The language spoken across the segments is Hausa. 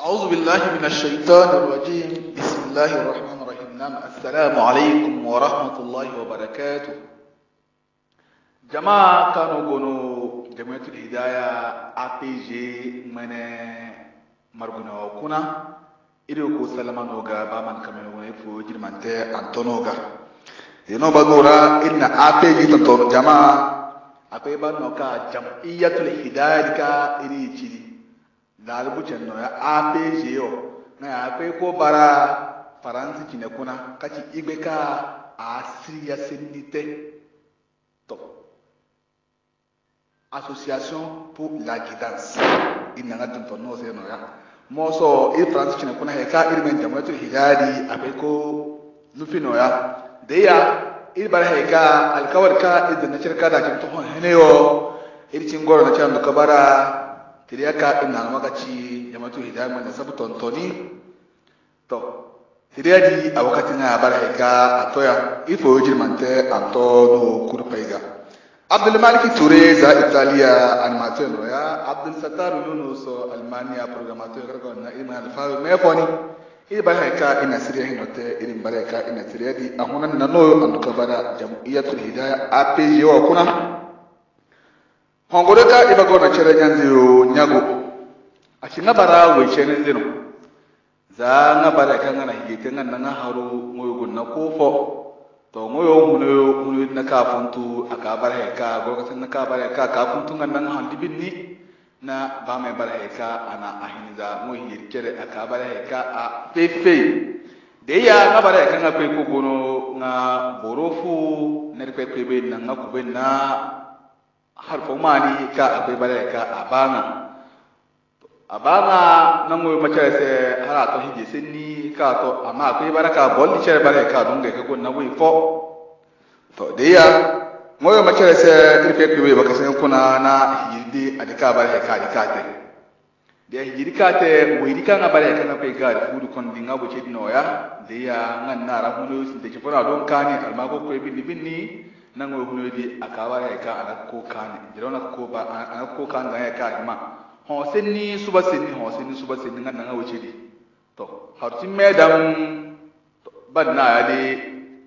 أعوذ بالله من الشيطان الرجيم بسم الله الرحمن الرحيم نعم السلام عليكم ورحمة الله وبركاته جماعة كانوا قنوا جمعية الهداية أتيجي من مرغنا وكنا إليكو سلام نوغا بامان كمان ونفو جرمانتي أنتونوغا ينو بغورا إن أتيجي تنتون جماعة أتيبان نوكا جمعية الهداية إليكي zaali bucen no ya ape yo na ya ape ko bara faransi kine kuna kati igbe ka asiria senite to association pour la guidance ina nanga tuntɔ n'o se nɔ ya mo so e faransi kine kuna he ka irime jamanatul higadi ape ko nufi nɔ ya de ya iri bara he ka alikawari ka i na cire ka da kɛmɛ tɔgɔ hene yɔ iri cin gɔrɔ na cɛ ka bara tiri aka ina maka ci yamatu hidama da sabu tontoni to tiri adi a wakati na abara hika atoya ifo yojir mante ato no kurpa iga abdul malik ture za italia animatio no ya abdul satar yunus almania programatio karko na ina alfaru mefoni ina bara hika ina siriya hinote ina bara hika ina tiri adi ahonan nanoyo andukabara jam'iyatul hidaya ape yewa kuna hongoreka ibagona cherenya nziyo nyago ashinga bara we chene zino za nga bara kanga na higite nga nga haru ngoyo gonna kofo to ngoyo muno muno na ka funtu aka bara he ka go ka na ka bara ka ka funtu nga nga handi binni na ba bara he ana ahiniza ngoyo hirkere aka bara a fefe de ya nga bara ka nga kwe kugono nga borofu nerkwe kwebe na nga kubena har fo maani ka abe bare ka abanga abanga nango ma chere se hala to hiji se ni ka to ama ko e bare ka bolli chere bare ka dunge ka gonna wi fo to de ya moyo ma chere se tripe ko be bakase kuna na hiji adi ka bare ka adi ka te de hiji ka te wi ri ka nga bare ka pe ga ri fu du kon dinga bo che no ya de ya nga na ra mu lo sin te chepona don ka ni alma ko ko e bi ni bi ni nango huno di akawa ya ka ana ko kan jira na ko ba ana ko kan ya ka ma ho senni suba senni ho senni suba senni ngan nan wuce di to har tin me dan ban na ya di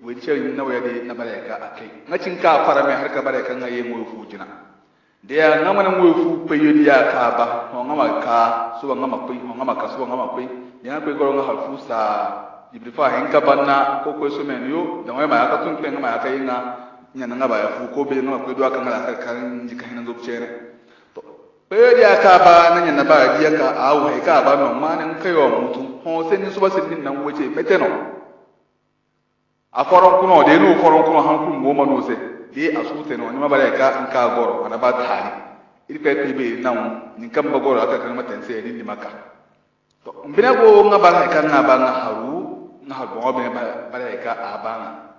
wuce yin nawa ya di na bare ka akai ngacin ka fara me har ka bare kan ayi mu fujina da ya ngama nan wo fu payo di ya ka ba ho ngama ka suba ngama pai ho ngama ka suba ngama pai ya kai goro ngama harfu sa ibrifa hin ka banna ko ko so men yo da wai ma ya ka tun pen ma ya kai na nyana nga bayafu ko be nga kwedwa ka nga ka kan jika hina zo to aka ba na nyana ba di aka awu ka ba no mane nka yo mutu ho se ni so ba se ni na nweche mete akoro kuno de no koro kuno han kun goma no se de asute no ni mabare ka nka goro ana ba tani iri pe pe be na ni kan ba goro aka kan se ni maka to mbina go nga ba ka ka abana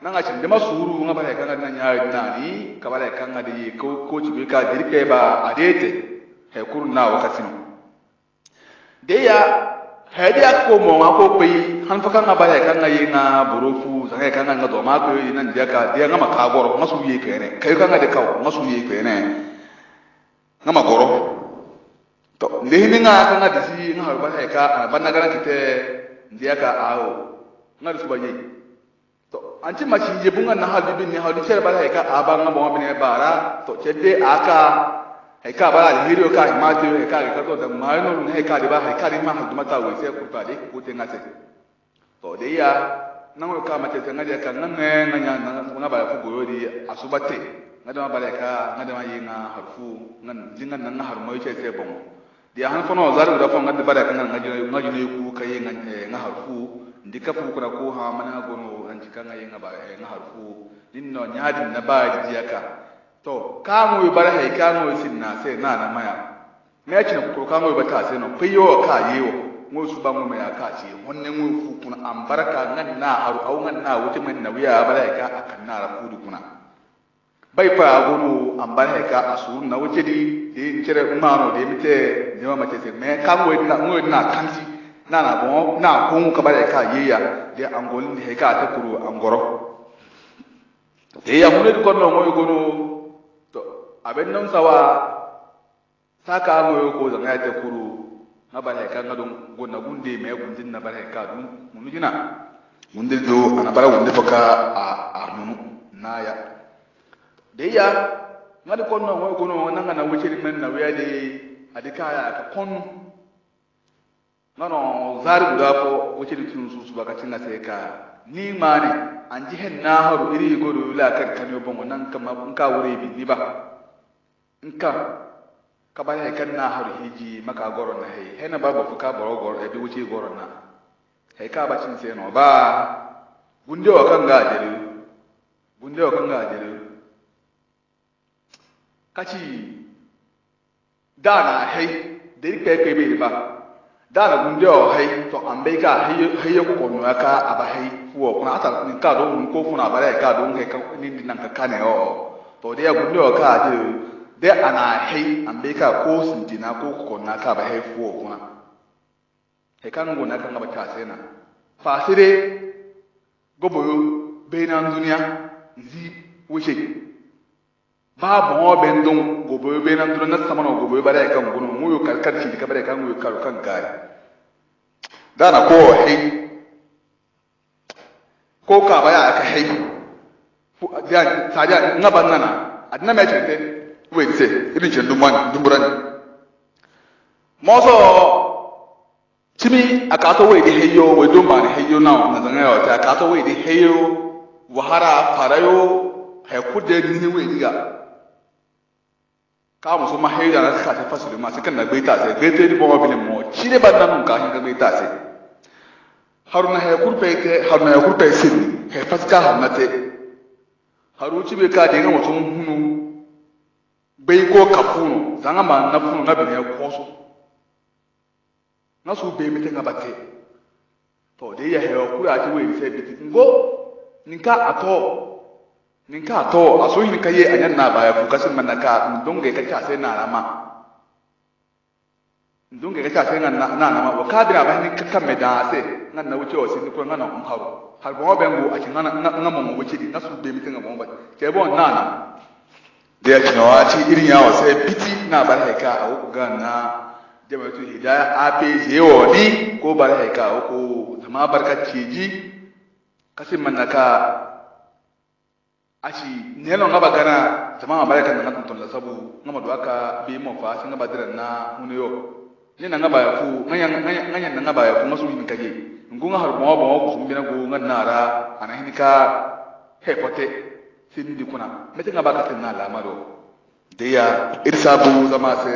nanga ci dema suru nga bala kanga na nyaari nani kabala kanga de ko ko ci ka dirke ba adete he kurna wakati de ya hedi ya ko mo ma ko pe han fa kanga bala kanga yi na burufu zaka kanga na do ma ko yi nan de ka de nga ma ka goro nga su yi kene kai kanga de kawo nga su yi kene nga ma goro to lehi nga kanga de si nga har bala ka banna garan kite ndiya ka awo nga su ba yi to anti masinje bunga na haldi bin ni haldi sere bala heka abanga bonga bin bara to chede aka heka bala hiri ka mate heka ka to da mayno ne heka de ba heka ri ma haldi mata wi se kurta de ko te ngase to de ya na ngol ka mate te ngade ka nan ne na nya na kuna bala fu goyo di asubate ngade ma bala ka ngade ma yina harfu nan dingan nan na har mo yice se bon di han fono zaru da fon ngade bala ka ngade ngade ku kayi ngade ngade harfu ndika fu kura ko ha mana gono kanji kan ayin aba ayin harfu dinno nyaadi na baaji jiyaka to kamo bar hay kamo sin na sai na na maya me cin ko kamo ba ta se no piyo ka yiwo mo su ba mu me ya ka ci wonne mu fu kun an baraka nan na haru au nan na wuti men na wiya bara ka akan na ra kudu kuna bai fa gudu an bara ka asu na wuti di in cire umano de mite ne ma mace se me kamo na mo na kanji na na bon na kun ka bare ka yiya de angol ni ka ta kuru angoro de ya mun ko no moy no to aben nan sawa saka moy ko zan ya ta kuru na bare ka ngadon gonna gunde me din na bare ka dun mun jina mun de do ana bare gunde faka a arnu na ya de ya ngadi ko no moy no nan na wuce men na wiya de adika ya ka konu nono zaari guda ko wociri tun susuba na sai ka ni ne an jihen naharu iri yigodo la kar kanyo bongo nan kama nka wuri bi ba nka kabaya kan naharu hiji maka goro na hei hena baba ka boro goro ebi wuce goro na hei ka bacin sai no ba bunde wa kan ga jere bunde wa kan ga jere kaci dana hei da rikpe kai bai ba dana gunde o hay to ambe ka hayo ko kono aka aba hay fuo kono ata ni ka do mun ko funa bare ka do ngai ka ni ni nan ka kane o to de gunde o ka de de ana hay ambe ka ko sintina ko kono aka aba hay fuo kono he kan gona kan aba ta sena fasire goboyo beinan duniya zi wuce ba bon ben don gobe be nan dun na ba da bare kan gunu mu yo karkar ci ka bare kan yo kar kan gari na ko hi ko ka baya ka hi da saja na ban nana adna me ce we ce irin ce duman dumburan mozo timi akato we di heyo we do man heyo na na zanga yo ta akato we di heyo wahara farayo he kudde ni we diga kaamu so ma hei dana ta se fasulu ma se gbe ta se gbe te di bɔgɔ bile mɔ ci de ba nanu ka hin gbe ta se haruna hɛ kuru pɛ kɛ haruna hɛ kuru pɛ se ni hɛ fasi ka haruna haru ci be ka de ŋa wasu hunu gbe ko ka funu zanga ma na funu ŋa bene ya kɔsu ŋa su be mi te ŋa ba te tɔ de ya hɛ kuru a ti wo se bi ti ngo nin ka a tɔ nin ka to a so yin kaye a yan na baya ku kasin man ka ndon ga kacha sai na rama ndon ga kacha sai na na na wa ka dira ba ni ka me da sai nan na wuce wasi ni ko nan on haro har bo ben go a kin nan nan mun wuce di nasu be mitin ga mun ba ke bon na na da ya kinawa ci irin yawo sai biti na bar haika a ku ga na jama'atu hidaya a pe yewo ni ko bar haika ko zama barkacce kasin man ka aci nelo nga bagana tama mabaraka na ngatu tonla sabu do aka bi mo fa ngaba badira na uniyo ni na ngaba yaku nganya nganya na ngaba yaku masu hin kage ngun har mo bo ko bina go nga nara ana hin ka he pote sin di kuna mete ngaba ka tin na la maro de ya irsabu zama se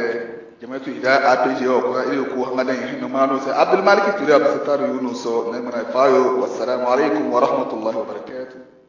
jama'atu ida a to je ko ile ko hanga dan hin ma no se abdul malik turiya ba basitaru yunus na mana fayo wassalamu alaikum wa rahmatullahi wa barakatuh